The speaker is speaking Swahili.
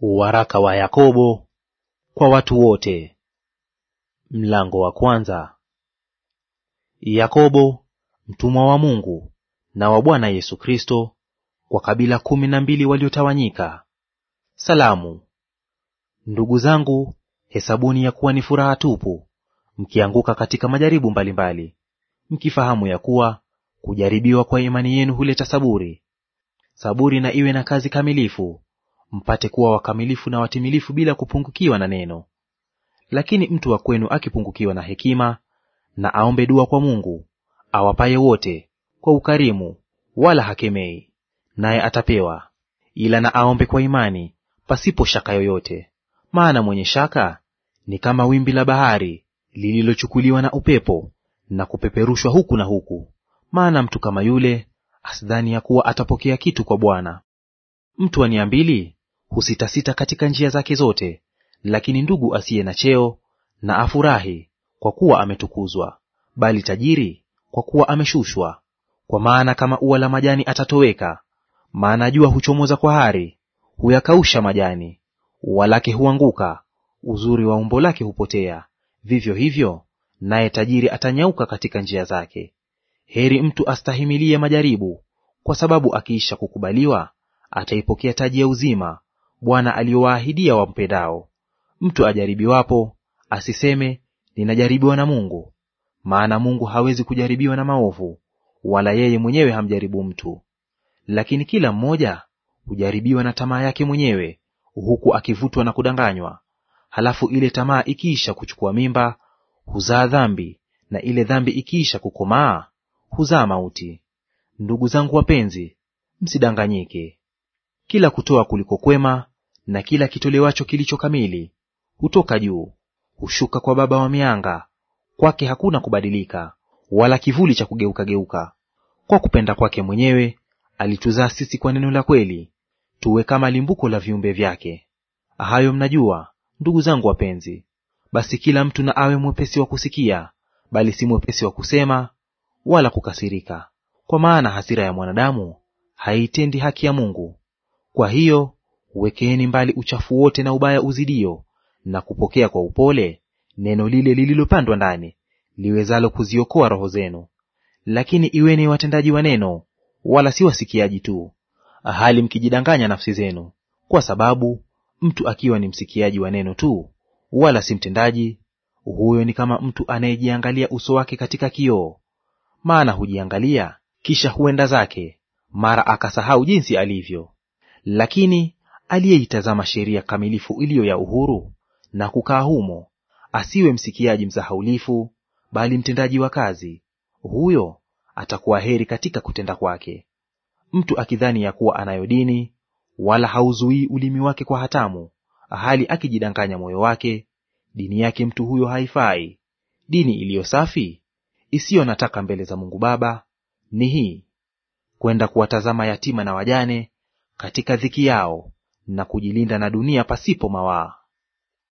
Waraka wa Yakobo kwa watu wote. Mlango wa kwanza. Yakobo mtumwa wa Mungu na wa Bwana Yesu Kristo, kwa kabila kumi na mbili waliotawanyika, salamu. Ndugu zangu, hesabuni ya kuwa ni furaha tupu mkianguka katika majaribu mbalimbali mbali, mkifahamu ya kuwa kujaribiwa kwa imani yenu huleta saburi. Saburi na iwe na kazi kamilifu mpate kuwa wakamilifu na watimilifu bila kupungukiwa na neno. Lakini mtu wa kwenu akipungukiwa na hekima, na aombe dua kwa Mungu awapaye wote kwa ukarimu, wala hakemei, naye atapewa; ila na aombe kwa imani, pasipo shaka yoyote. Maana mwenye shaka ni kama wimbi la bahari lililochukuliwa na upepo na kupeperushwa huku na huku. Maana mtu kama yule asidhani ya kuwa atapokea kitu kwa Bwana. Mtu wa nia mbili kusitasita katika njia zake zote. Lakini ndugu asiye na cheo na afurahi kwa kuwa ametukuzwa, bali tajiri kwa kuwa ameshushwa. Kwa maana kama ua la majani atatoweka, maana jua huchomoza kwa hari, huyakausha majani. Ua lake huanguka, uzuri wa umbo lake hupotea. Vivyo hivyo naye tajiri atanyauka katika njia zake. Heri mtu astahimilie majaribu, kwa sababu akiisha kukubaliwa ataipokea taji ya uzima Bwana aliyowaahidia wampendao. Mtu ajaribiwapo asiseme ninajaribiwa na Mungu, maana Mungu hawezi kujaribiwa na maovu, wala yeye mwenyewe hamjaribu mtu. Lakini kila mmoja hujaribiwa na tamaa yake mwenyewe, huku akivutwa na kudanganywa. Halafu ile tamaa ikiisha kuchukua mimba, huzaa dhambi, na ile dhambi ikiisha kukomaa, huzaa mauti. Ndugu zangu wapenzi, msidanganyike. Kila kutoa kuliko kwema na kila kitolewacho kilicho kamili hutoka juu, hushuka kwa Baba wa mianga; kwake hakuna kubadilika, wala kivuli cha kugeukageuka. Kwa kupenda kwake mwenyewe alituzaa sisi kwa neno la kweli, tuwe kama limbuko la viumbe vyake. Hayo mnajua, ndugu zangu wapenzi. Basi kila mtu na awe mwepesi wa kusikia, bali si mwepesi wa kusema, wala kukasirika; kwa maana hasira ya mwanadamu haitendi haki ya Mungu. Kwa hiyo uwekeeni mbali uchafu wote na ubaya uzidio, na kupokea kwa upole neno lile lililopandwa ndani, liwezalo kuziokoa roho zenu. Lakini iweni watendaji wa neno, wala si wasikiaji tu, hali mkijidanganya nafsi zenu. Kwa sababu mtu akiwa ni msikiaji wa neno tu, wala si mtendaji, huyo ni kama mtu anayejiangalia uso wake katika kioo. Maana hujiangalia, kisha huenda zake, mara akasahau jinsi alivyo. Lakini aliyeitazama sheria kamilifu iliyo ya uhuru na kukaa humo, asiwe msikiaji msahaulifu, bali mtendaji wa kazi, huyo atakuwa heri katika kutenda kwake. Mtu akidhani ya kuwa anayo dini, wala hauzuii ulimi wake kwa hatamu, hali akijidanganya moyo wake, dini yake mtu huyo haifai. Dini iliyo safi isiyo na taka mbele za Mungu Baba ni hii: kwenda kuwatazama yatima na wajane katika dhiki yao, na kujilinda na dunia pasipo mawaa.